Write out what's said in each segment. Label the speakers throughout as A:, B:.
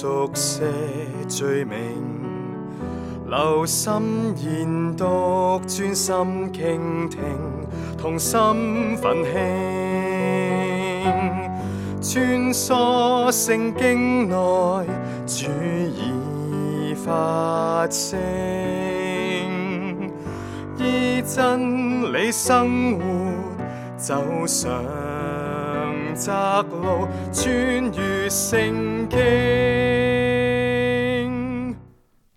A: 熟悉罪名，留心研讀，專心傾聽，同心奮興。穿梭聖經內，主已發聲，依真理生活，走上窄路。穿越聖經，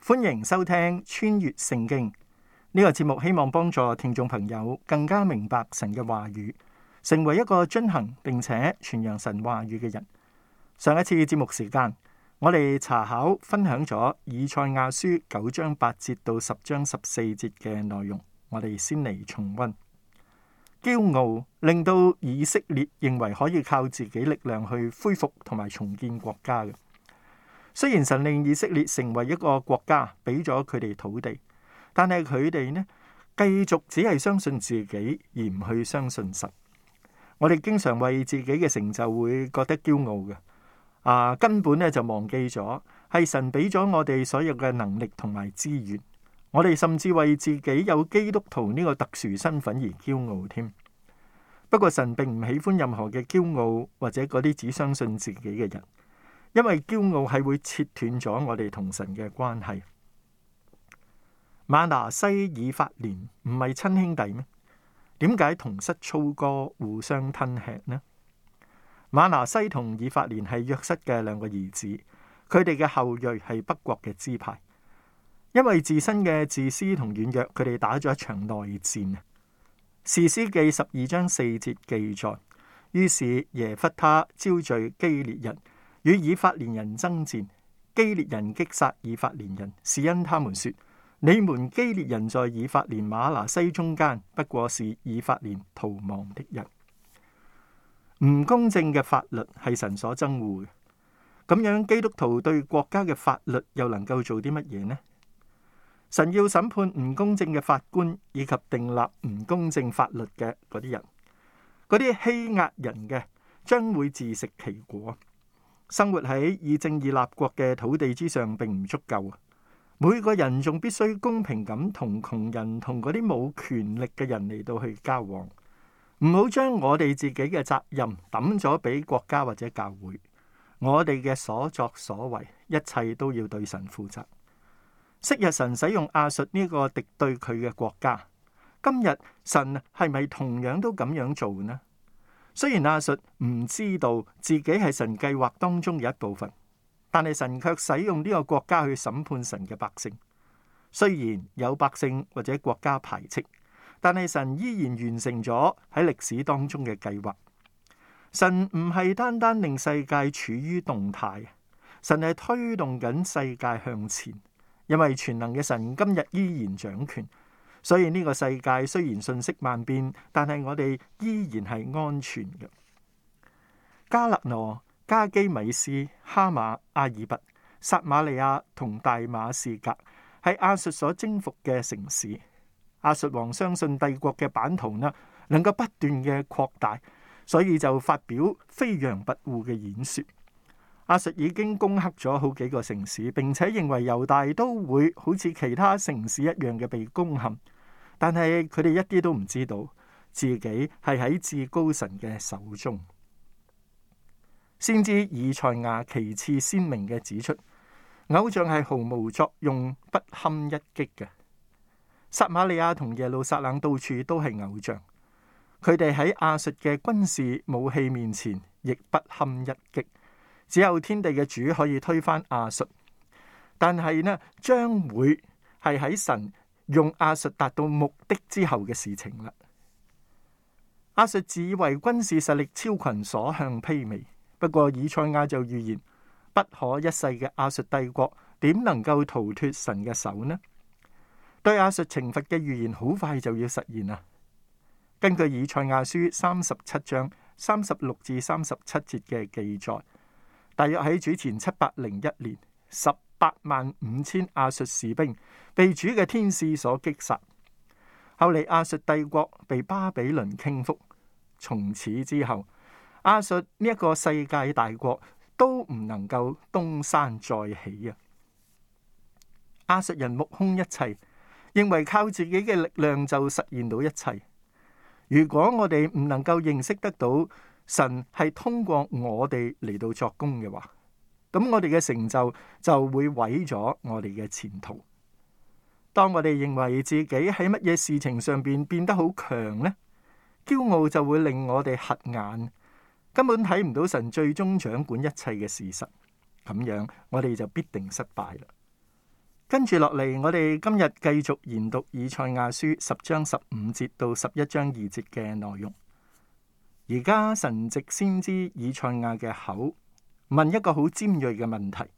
A: 歡迎收聽穿越聖經呢個節目，希望幫助聽眾朋友更加明白神嘅話語，成為一個遵行並且傳揚神話語嘅人。上一次嘅節目時間，我哋查考分享咗以賽亞書九章八節到十章十四節嘅內容，我哋先嚟重溫。驕傲令到以色列認為可以靠自己力量去恢復同埋重建國家嘅。雖然神令以色列成為一個國家，俾咗佢哋土地，但係佢哋呢繼續只係相信自己而唔去相信神。我哋經常為自己嘅成就會覺得驕傲嘅，啊根本呢就忘記咗係神俾咗我哋所有嘅能力同埋資源。我哋甚至為自己有基督徒呢個特殊身份而驕傲添。不過，神並唔喜歡任何嘅驕傲，或者嗰啲只相信自己嘅人，因為驕傲係會切斷咗我哋同神嘅關係。馬拿西以法蓮唔係親兄弟咩？點解同室操戈，互相吞吃呢？馬拿西同以法蓮係約瑟嘅兩個兒子，佢哋嘅後裔係北國嘅支派。因為自身嘅自私同軟弱，佢哋打咗一場內戰啊。士師記十二章四節記載，於是耶弗他招聚基列人與以法蓮人爭戰，基列人擊殺以法蓮人，是因他們說：你們基列人在以法蓮馬拿西中間，不過是以法蓮逃亡的人。唔公正嘅法律係神所憎惡嘅，咁樣基督徒對國家嘅法律又能夠做啲乜嘢呢？神要審判唔公正嘅法官，以及訂立唔公正法律嘅嗰啲人，嗰啲欺壓人嘅，將會自食其果。生活喺以正義立國嘅土地之上，並唔足夠。每個人仲必須公平咁同窮人同嗰啲冇權力嘅人嚟到去交往，唔好將我哋自己嘅責任抌咗俾國家或者教會。我哋嘅所作所為，一切都要對神負責。昔日神使用亞述呢個敵對佢嘅國家。今日神係咪同樣都咁樣做呢？雖然亞述唔知道自己係神計劃當中嘅一部分，但係神卻使用呢個國家去審判神嘅百姓。雖然有百姓或者國家排斥，但係神依然完成咗喺歷史當中嘅計劃。神唔係單單令世界處於動態，神係推動緊世界向前。因為全能嘅神今日依然掌權，所以呢個世界雖然瞬息萬變，但係我哋依然係安全嘅。加勒諾、加基米斯、哈馬、阿爾拔、撒馬利亞同大馬士革係亞述所征服嘅城市。亞述王相信帝國嘅版圖呢能夠不斷嘅擴大，所以就發表飛揚跋扈嘅演說。阿亞述已經攻克咗好幾個城市，並且認為猶大都會好似其他城市一樣嘅被攻陷。但係佢哋一啲都唔知道自己係喺至高神嘅手中。先知以賽亞其次鮮明嘅指出，偶像係毫無作用，不堪一擊嘅。撒瑪利亞同耶路撒冷到處都係偶像，佢哋喺阿亞述嘅軍事武器面前亦不堪一擊。只有天地嘅主可以推翻亞述，但係呢，將會係喺神用亞述達到目的之後嘅事情啦。亞述自以為軍事實力超群，所向披靡。不過，以賽亞就預言不可一世嘅亞述帝國點能夠逃脫神嘅手呢？對亞述懲罰嘅預言好快就要實現啦。根據《以賽亞書》三十七章三十六至三十七節嘅記載。大約喺主前七百零一年，十八萬五千亞述士兵被主嘅天使所擊殺。後嚟亞述帝國被巴比倫傾覆，從此之後，亞述呢一個世界大國都唔能夠東山再起啊！亞述人目空一切，認為靠自己嘅力量就實現到一切。如果我哋唔能夠認識得到。神係通過我哋嚟到作工嘅話，咁我哋嘅成就就會毀咗我哋嘅前途。當我哋認為自己喺乜嘢事情上面變得好強呢，驕傲就會令我哋瞎眼，根本睇唔到神最終掌管一切嘅事實。咁樣我哋就必定失敗啦。跟住落嚟，我哋今日繼續研讀以賽亞書十章十五節到十一章二節嘅內容。而家神藉先知以賽亞嘅口問一個好尖銳嘅問題：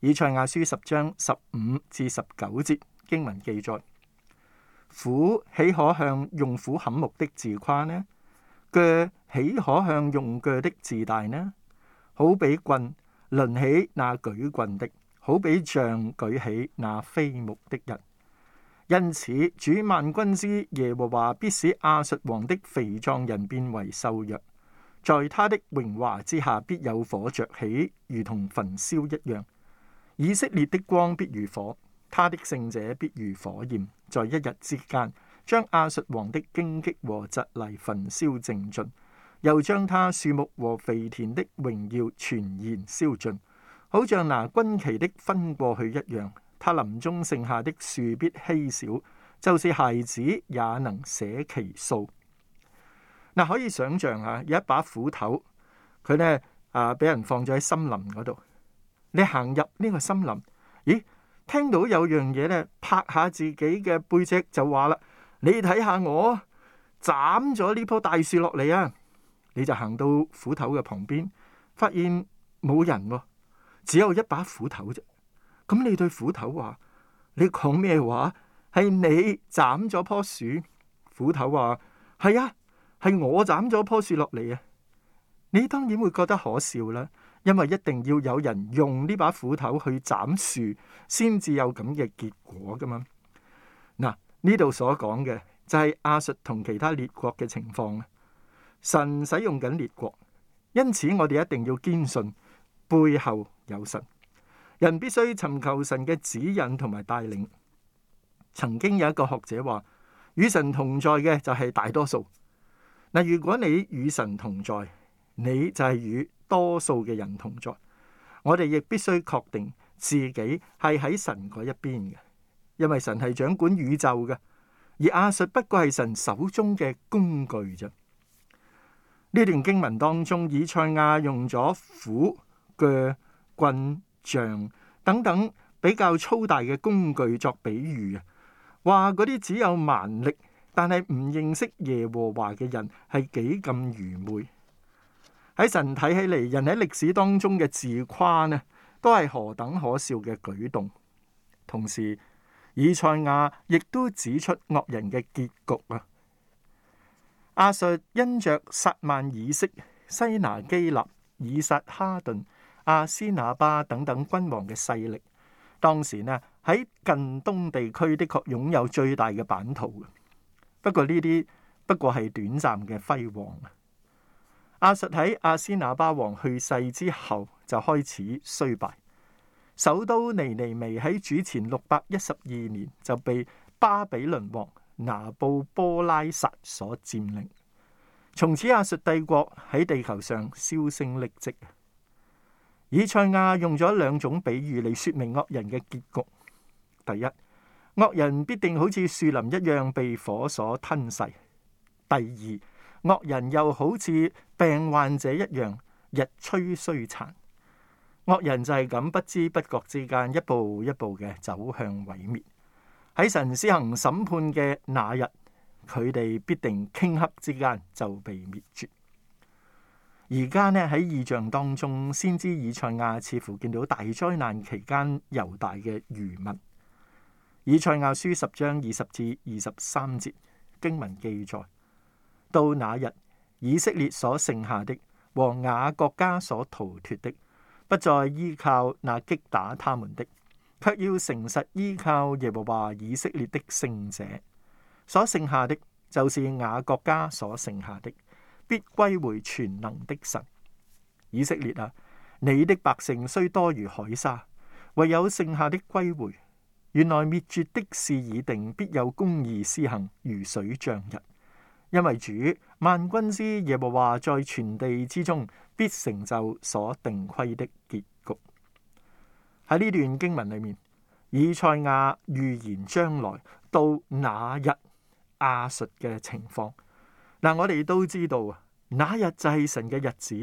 A: 以賽亞書十章十五至十九節經文記載：斧豈可向用斧砍木的自誇呢？鋸豈可向用鋸的自大呢？好比棍掄起那舉棍的，好比杖舉起那非木的人。因此，主萬軍之耶和華必使亞述王的肥壯人變為瘦弱，在他的榮華之下必有火着起，如同焚燒一樣。以色列的光必如火，他的聖者必如火焰，在一日之間將亞述王的荊棘和蒺藜焚燒淨盡，又將他樹木和肥田的榮耀全然燒盡，好像拿軍旗的分過去一樣。他林中剩下的樹必稀少，就是孩子也能寫其數。嗱、啊，可以想象啊，有一把斧頭，佢咧啊俾人放咗喺森林嗰度。你行入呢個森林，咦，聽到有樣嘢咧拍下自己嘅背脊就話啦，你睇下我斬咗呢棵大樹落嚟啊！你就行到斧頭嘅旁邊，發現冇人、啊，只有一把斧頭啫。咁你對斧頭話，你講咩話？係你斬咗棵樹？斧頭話係啊，係我斬咗棵樹落嚟啊！你當然會覺得可笑啦，因為一定要有人用呢把斧頭去斬樹，先至有咁嘅結果噶嘛。嗱，呢度所講嘅就係、是、亞述同其他列國嘅情況啦。神使用緊列國，因此我哋一定要堅信背後有神。人必須尋求神嘅指引同埋帶領。曾經有一個學者話，與神同在嘅就係大多數。嗱，如果你與神同在，你就係與多數嘅人同在。我哋亦必須確定自己係喺神嗰一邊嘅，因為神係掌管宇宙嘅，而亞述不過係神手中嘅工具啫。呢段經文當中，以賽亞用咗斧、鋸、棍。像等等比較粗大嘅工具作比喻啊，話嗰啲只有蠻力，但係唔認識耶和華嘅人係幾咁愚昧，喺神睇起嚟，人喺歷史當中嘅自誇呢，都係何等可笑嘅舉動。同時，以賽亞亦都指出惡人嘅結局啊。亞述，因着撒縵以色、西拿基立、以撒哈頓。亞斯那巴等等君王嘅勢力，當時呢，喺近東地區的確擁有最大嘅版圖。不過呢啲，不過係短暫嘅輝煌。亞述喺亞斯那巴王去世之後就開始衰敗，首都尼尼微喺主前六百一十二年就被巴比倫王拿布波拉薩所佔領，從此亞述帝國喺地球上銷聲匿跡。以賽亞用咗兩種比喻嚟說明惡人嘅結局。第一，惡人必定好似樹林一樣被火所吞噬；第二，惡人又好似病患者一樣日趨衰殘。惡人就係咁不知不覺之間，一步一步嘅走向毀滅。喺神施行審判嘅那日，佢哋必定頃刻之間就被滅絕。而家呢，喺意象當中，先知以賽亞似乎見到大災難期間猶大嘅餘民。以賽亞書十章二十至二十三節經文記載：到那日，以色列所剩下的和雅各家所逃脫的，不再依靠那擊打他們的，卻要誠實依靠耶和華以色列的聖者。所剩下的就是雅各家所剩下的。必歸回全能的神，以色列啊，你的百姓雖多如海沙，唯有剩下的歸回。原來滅絕的事已定，必有公義施行，如水漲日。因為主萬軍之耶和華在全地之中必成就所定規的結局。喺呢段經文裏面，以賽亞預言將來到那日亞述嘅情況。但我哋都知道啊，那日就係神嘅日子，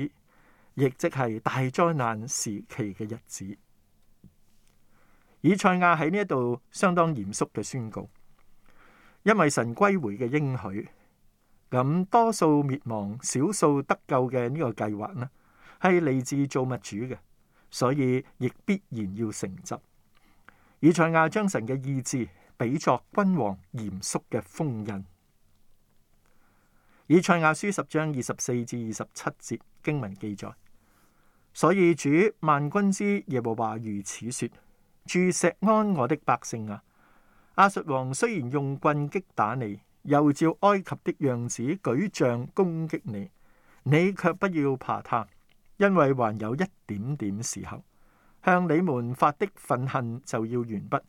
A: 亦即係大災難時期嘅日子。以賽亞喺呢一度相當嚴肅嘅宣告，因為神歸回嘅應許，咁多數滅亡、少數得救嘅呢個計劃呢，係嚟自造物主嘅，所以亦必然要成真。以賽亞將神嘅意志比作君王嚴肅嘅封印。以賽亞書十章二十四至二十七節經文記載，所以主萬軍之耶和華如此說：住錫安我的百姓啊，亞述王雖然用棍擊打你，又照埃及的樣子舉杖攻擊你，你却不要怕他，因為還有一點點時候，向你們發的憤恨就要完畢，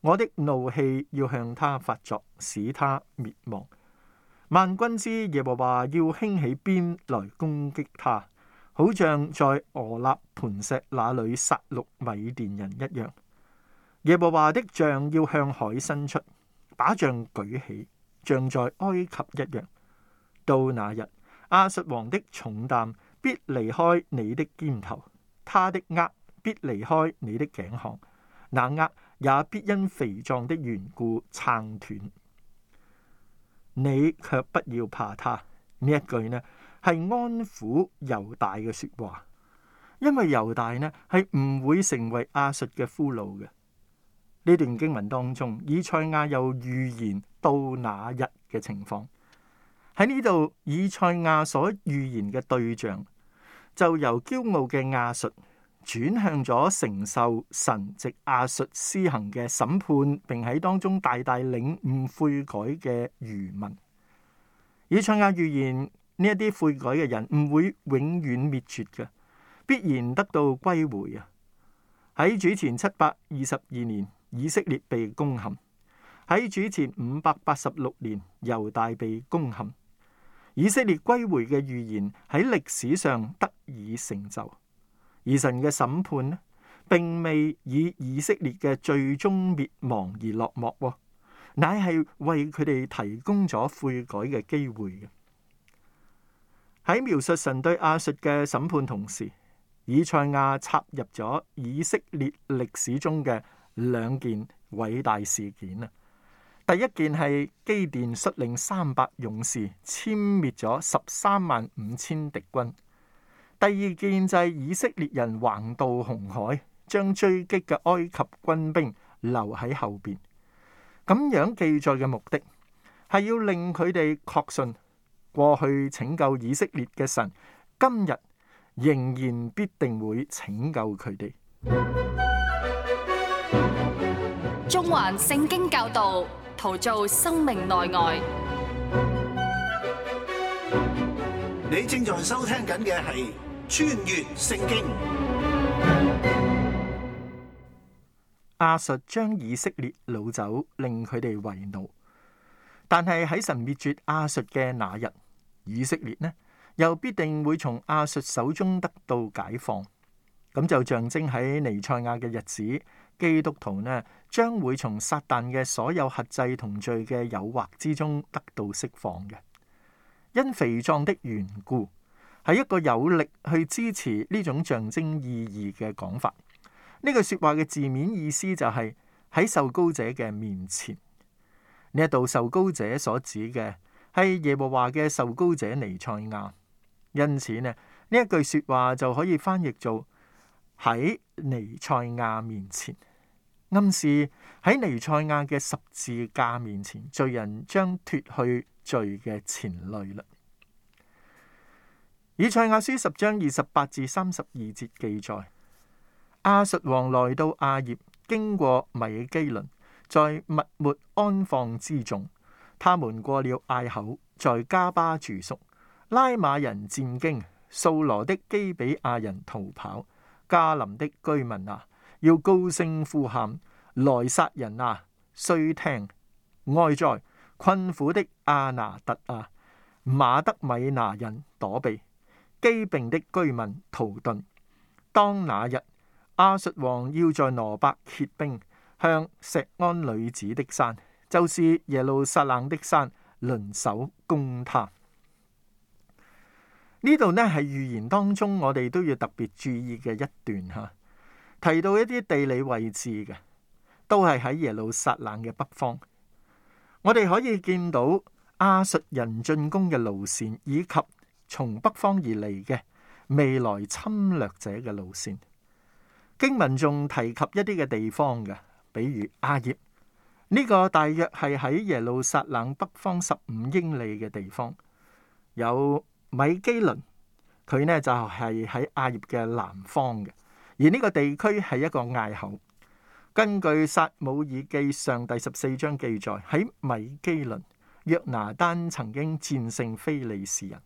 A: 我的怒氣要向他發作，使他滅亡。萬軍之耶和華要興起鞭來攻擊他，好像在俄立磐石那裏殺戮米甸人一樣。耶和華的杖要向海伸出，把杖舉起，像在埃及一樣。到那日，亞述王的重擔必離開你的肩頭，他的軛必離開你的頸項，那軛也必因肥壯的緣故撐斷。你卻不要怕他，呢一句呢，係安撫猶大嘅說話，因為猶大呢係唔會成為亞述嘅俘虜嘅。呢段經文當中，以賽亞有預言到那日嘅情況。喺呢度，以賽亞所預言嘅對象就由驕傲嘅亞述。轉向咗承受神藉亞述施行嘅審判，並喺當中大大領悟悔改嘅餘民。以賽亞預言，呢一啲悔改嘅人唔會永遠滅絕嘅，必然得到歸回啊！喺主前七百二十二年，以色列被攻陷；喺主前五百八十六年，猶大被攻陷。以色列歸回嘅預言喺歷史上得以成就。而神嘅審判呢，並未以以色列嘅最終滅亡而落幕，乃係為佢哋提供咗悔改嘅機會嘅。喺描述神對亞述嘅審判同時，以賽亞插入咗以色列歷史中嘅兩件偉大事件啊！第一件係基甸率領三百勇士殲滅咗十三萬五千敵軍。第二建制以色列人橫渡紅海，將追擊嘅埃及軍兵留喺後邊。咁樣記載嘅目的，係要令佢哋確信過去拯救以色列嘅神，今日仍然必定會拯救佢哋。中環聖經教導，陶造生命內外。你正在收聽緊嘅係。穿越聖經，亞述將以色列擄走，令佢哋為奴。但係喺神滅絕亞述嘅那日，以色列呢又必定會從亞述手中得到解放。咁就象徵喺彌賽亞嘅日子，基督徒呢將會從撒旦嘅所有轄制同罪嘅誘惑之中得到釋放嘅。因肥壯的緣故。係一個有力去支持呢種象徵意義嘅講法。呢句説話嘅字面意思就係喺受膏者嘅面前。呢一度受膏者所指嘅係耶和華嘅受膏者彌賽亞，因此呢呢一句説話就可以翻譯做喺彌賽亞面前，暗示喺彌賽亞嘅十字架面前，罪人將脱去罪嘅牽累啦。以賽亞書十章二十八至三十二節記載：亞述王來到亞葉，經過米基倫，在密末安放之中。他們過了隘口，在加巴住宿。拉馬人戰驚，掃羅的基比亞人逃跑。加林的居民啊，要高聲呼喊！來殺人啊，需聽外在困苦的阿拿特啊，馬德米拿人躲避。基病的居民逃遁。當那日亞述王要在羅伯揭兵，向石安女子的山，就是耶路撒冷的山，掄手攻他。呢度呢係預言當中，我哋都要特別注意嘅一段吓，提到一啲地理位置嘅，都係喺耶路撒冷嘅北方。我哋可以見到亞述人進攻嘅路線以及。從北方而嚟嘅未來侵略者嘅路線，經文仲提及一啲嘅地方嘅，比如阿葉呢、這個，大約係喺耶路撒冷北方十五英里嘅地方。有米基倫，佢呢就係、是、喺阿葉嘅南方嘅。而呢個地區係一個隘口。根據撒母耳記上第十四章記載，喺米基倫，約拿單曾經戰勝非利士人。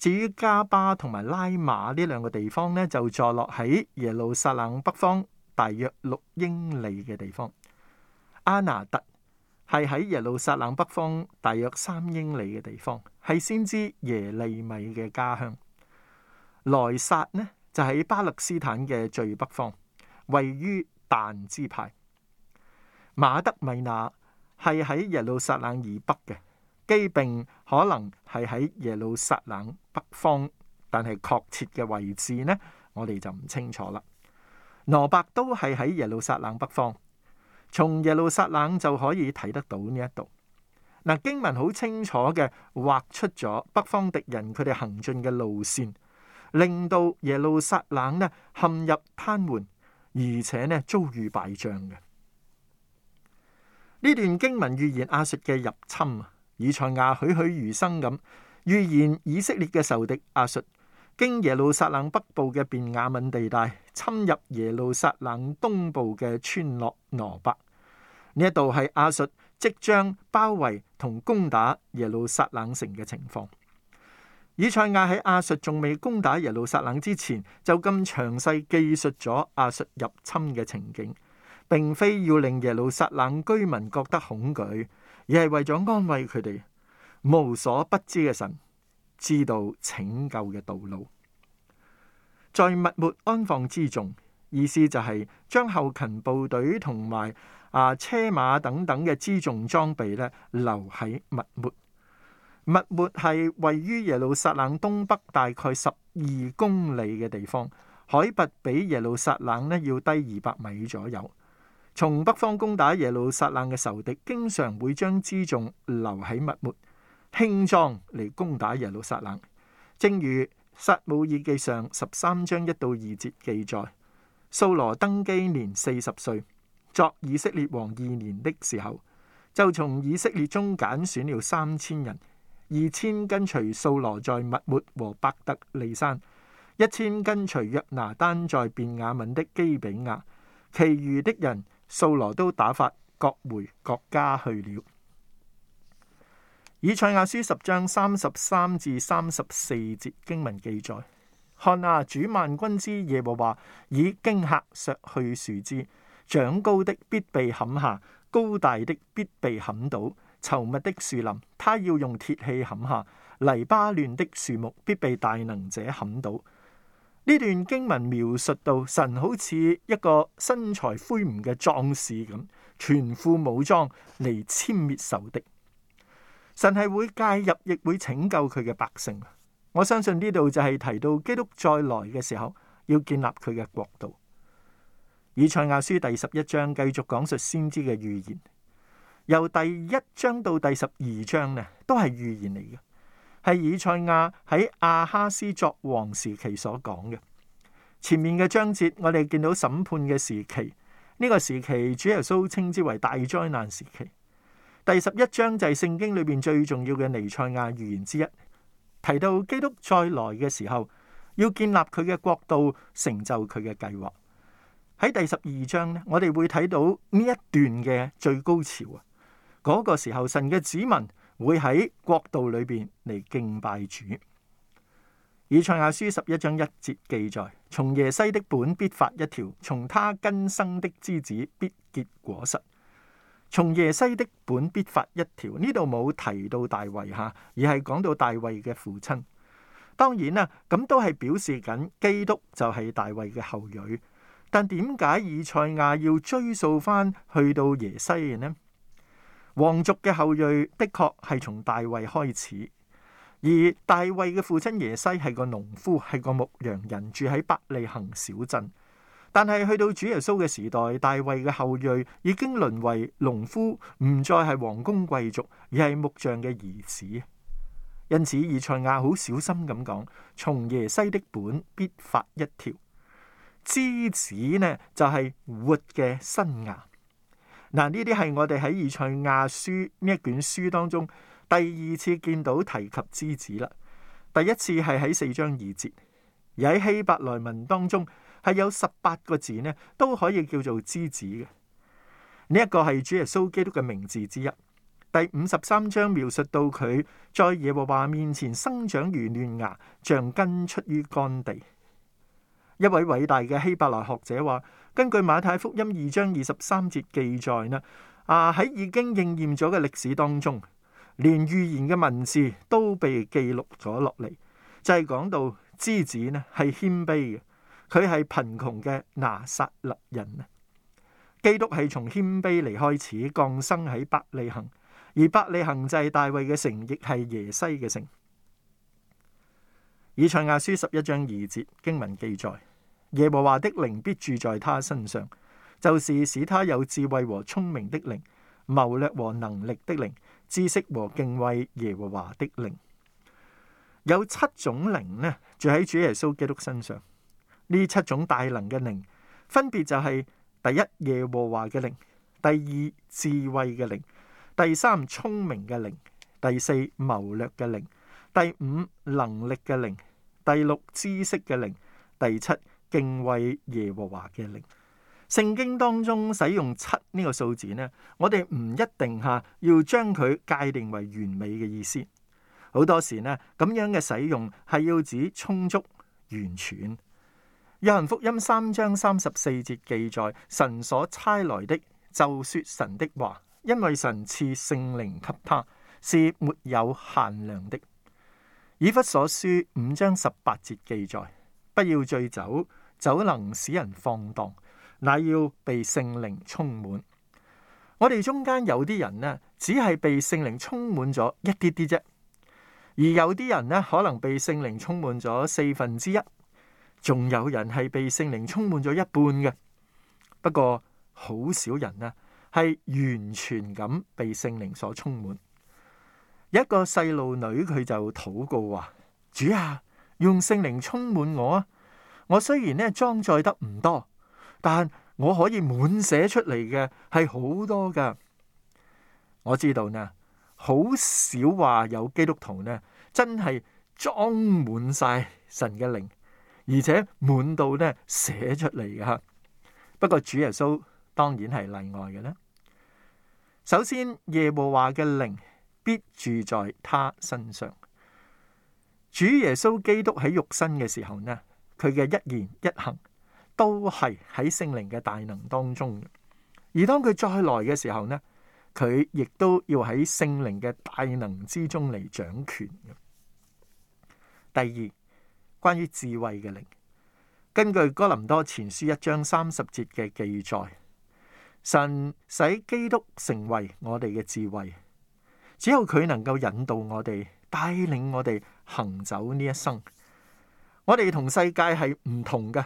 A: 至於加巴同埋拉馬呢兩個地方咧，就坐落喺耶路撒冷北方大約六英里嘅地方。阿拿特係喺耶路撒冷北方大約三英里嘅地方，係先知耶利米嘅家鄉。萊薩呢就喺巴勒斯坦嘅最北方，位於但支派。馬德米娜係喺耶路撒冷以北嘅。基并可能係喺耶路撒冷北方，但係確切嘅位置呢？我哋就唔清楚啦。羅伯都係喺耶路撒冷北方，從耶路撒冷就可以睇得到呢一度嗱。經文好清楚嘅劃出咗北方敵人佢哋行進嘅路線，令到耶路撒冷呢陷入癱瘓，而且呢遭遇敗仗嘅。呢段經文預言阿述嘅入侵。以賽亞栩栩如生咁預言以色列嘅仇敵亞述，經耶路撒冷北部嘅便雅憫地帶侵入耶路撒冷東部嘅村落挪伯，呢一度係亞述即將包圍同攻打耶路撒冷城嘅情況。以賽亞喺亞述仲未攻打耶路撒冷之前就咁詳細記述咗亞述入侵嘅情景，並非要令耶路撒冷居民覺得恐懼。而係為咗安慰佢哋，無所不知嘅神知道拯救嘅道路，在密抹安放輜重，意思就係將後勤部隊同埋啊車馬等等嘅輜重裝備咧留喺密抹。密抹係位於耶路撒冷東北大概十二公里嘅地方，海拔比耶路撒冷咧要低二百米左右。從北方攻打耶路撒冷嘅仇敵，經常會將輜重留喺密末，輕裝嚟攻打耶路撒冷。正如《撒母耳記》上十三章一到二節記載，掃羅登基年四十歲，作以色列王二年的時候，就從以色列中揀選了三千人，二千跟隨掃羅在密末和伯特利山，一千跟隨約拿單在便雅憫的基比亞，其餘的人。素羅都打發各回各家去了。以賽亞書十章三十三至三十四節經文記載：看啊，主萬軍之耶和華以驚嚇削去樹枝，長高的必被砍下，高大的必被砍倒，稠密的樹林他要用鐵器砍下，黎巴嫩的樹木必被大能者砍倒。呢段經文描述到，神好似一個身材魁梧嘅壯士咁，全副武裝嚟殲滅仇敵。神係會介入，亦會拯救佢嘅百姓。我相信呢度就係提到基督再來嘅時候，要建立佢嘅國度。以賽亞書第十一章繼續講述先知嘅預言，由第一章到第十二章呢，都係預言嚟嘅。係以賽亞喺亞哈斯作王時期所講嘅。前面嘅章節我哋見到審判嘅時期，呢個時期主耶穌稱之為大災難時期。第十一章就係聖經裏邊最重要嘅彌賽亞預言之一，提到基督再來嘅時候，要建立佢嘅國度，成就佢嘅計劃。喺第十二章呢，我哋會睇到呢一段嘅最高潮啊！嗰個時候神嘅子民。會喺國度裏邊嚟，敬拜主。以賽亞書十一章一節記載：從耶西的本必發一條，從他根生的枝子必結果實。從耶西的本必發一條，呢度冇提到大衛下，而係講到大衛嘅父親。當然啦，咁都係表示緊基督就係大衛嘅後裔。但點解以賽亞要追溯翻去到耶西嘅呢？皇族嘅後裔的確係從大衛開始，而大衛嘅父親耶西係個農夫，係個牧羊人，住喺伯利恒小鎮。但係去到主耶穌嘅時代，大衛嘅後裔已經淪為農夫，唔再係王宮貴族，而係木匠嘅兒子。因此，以賽亞好小心咁講：從耶西的本必發一條枝子呢，就係、是、活嘅生涯。」嗱，呢啲係我哋喺《以賽亞書》呢一卷書當中第二次見到提及枝子啦。第一次係喺四章二節，而喺希伯來文當中係有十八個字呢，都可以叫做枝子嘅。呢、這、一個係主耶穌基督嘅名字之一。第五十三章描述到佢在耶和華面前生長如嫩芽，像根出於乾地。一位偉大嘅希伯來學者話。根據馬太福音二章二十三節記載呢，啊喺已經應驗咗嘅歷史當中，連預言嘅文字都被記錄咗落嚟，就係、是、講到枝子呢係謙卑嘅，佢係貧窮嘅拿撒勒人啊。基督係從謙卑嚟開始降生喺伯利恆，而伯利恆就係大衛嘅城，亦係耶西嘅城。以賽亞書十一章二節經文記載。耶和華的靈必住在他身上，就是使他有智慧和聰明的靈、謀略和能力的靈、知識和敬畏耶和華的靈。有七種靈呢，住喺主耶穌基督身上，呢七種大能嘅靈，分別就係、是、第一耶和華嘅靈，第二智慧嘅靈，第三聰明嘅靈，第四謀略嘅靈，第五能力嘅靈，第六知識嘅靈，第七。敬畏耶和華嘅靈，聖經當中使用七呢個數字呢，我哋唔一定吓要將佢界定為完美嘅意思。好多時呢咁樣嘅使用係要指充足、完全。約翰福音三章三十四節記載，神所差來的就說神的話，因為神賜聖靈給他，是沒有限量的。以弗所書五章十八節記載，不要醉酒。酒能使人放蕩，乃要被聖靈充滿。我哋中間有啲人呢，只係被聖靈充滿咗一啲啲啫；而有啲人呢，可能被聖靈充滿咗四分之一，仲有人係被聖靈充滿咗一半嘅。不過好少人呢，係完全咁被聖靈所充滿。一個細路女佢就禱告話：「主啊，用聖靈充滿我啊！我雖然咧裝載得唔多，但我可以滿寫出嚟嘅係好多噶。我知道呢，好少話有基督徒呢，真係裝滿晒神嘅靈，而且滿到呢寫出嚟嘅吓不過主耶穌當然係例外嘅咧。首先，耶和華嘅靈必住在他身上。主耶穌基督喺肉身嘅時候呢。佢嘅一言一行都係喺聖靈嘅大能當中，而當佢再來嘅時候呢，佢亦都要喺聖靈嘅大能之中嚟掌權嘅。第二，關於智慧嘅靈，根據哥林多前書一章三十節嘅記載，神使基督成為我哋嘅智慧，只有佢能夠引導我哋，帶領我哋行走呢一生。我哋同世界係唔同嘅。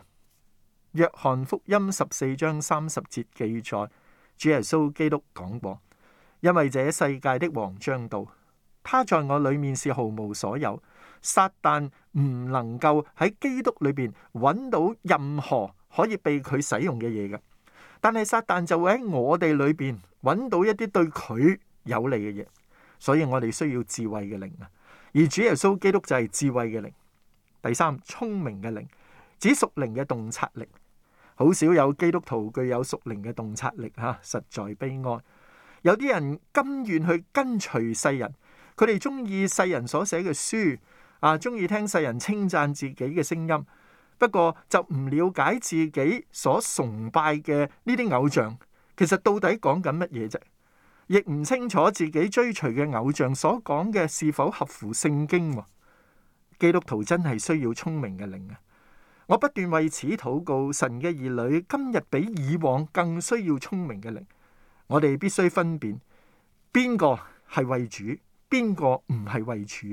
A: 約翰福音十四章三十節記載，主耶穌基督講過：因為這世界的王將到，他在我裏面是毫無所有。撒旦唔能夠喺基督裏邊揾到任何可以被佢使用嘅嘢嘅，但係撒旦就會喺我哋裏邊揾到一啲對佢有利嘅嘢。所以我哋需要智慧嘅靈啊，而主耶穌基督就係智慧嘅靈。第三，聰明嘅靈指屬靈嘅洞察力，好少有基督徒具有屬靈嘅洞察力吓，啊，實在悲哀。有啲人甘願去跟隨世人，佢哋中意世人所寫嘅書，啊，中意聽世人稱讚自己嘅聲音。不過就唔了解自己所崇拜嘅呢啲偶像，其實到底講緊乜嘢啫？亦唔清楚自己追隨嘅偶像所講嘅是否合乎聖經。基督徒真係需要聰明嘅靈啊！我不斷為此禱告，神嘅兒女今日比以往更需要聰明嘅靈。我哋必須分辨邊個係為主，邊個唔係為主。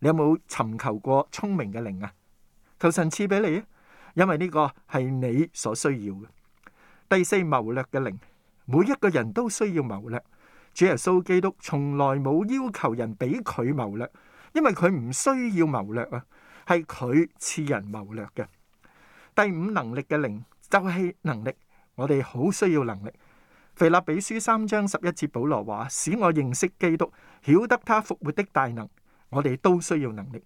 A: 你有冇尋求過聰明嘅靈啊？求神賜俾你啊！因為呢個係你所需要嘅。第四，謀略嘅靈，每一個人都需要謀略。主耶穌基督從來冇要求人俾佢謀略。因為佢唔需要謀略啊，係佢賜人謀略嘅。第五能力嘅靈就係、是、能力，我哋好需要能力。腓立比書三章十一節，保羅話使我認識基督，曉得他復活的大能。我哋都需要能力。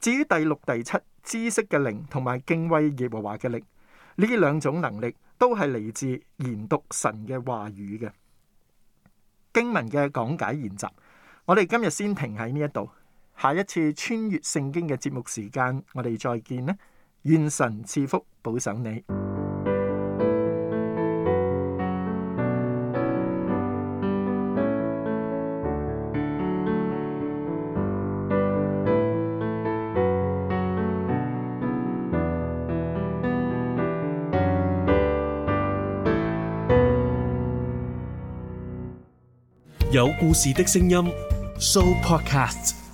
A: 至於第六、第七知識嘅靈同埋敬畏耶和華嘅靈呢兩種能力，都係嚟自研讀神嘅話語嘅經文嘅講解研習。我哋今日先停喺呢一度。下一次穿越聖經嘅節目時間，我哋再見呢！願神賜福保守你。有故事的聲音，Sooopodcast。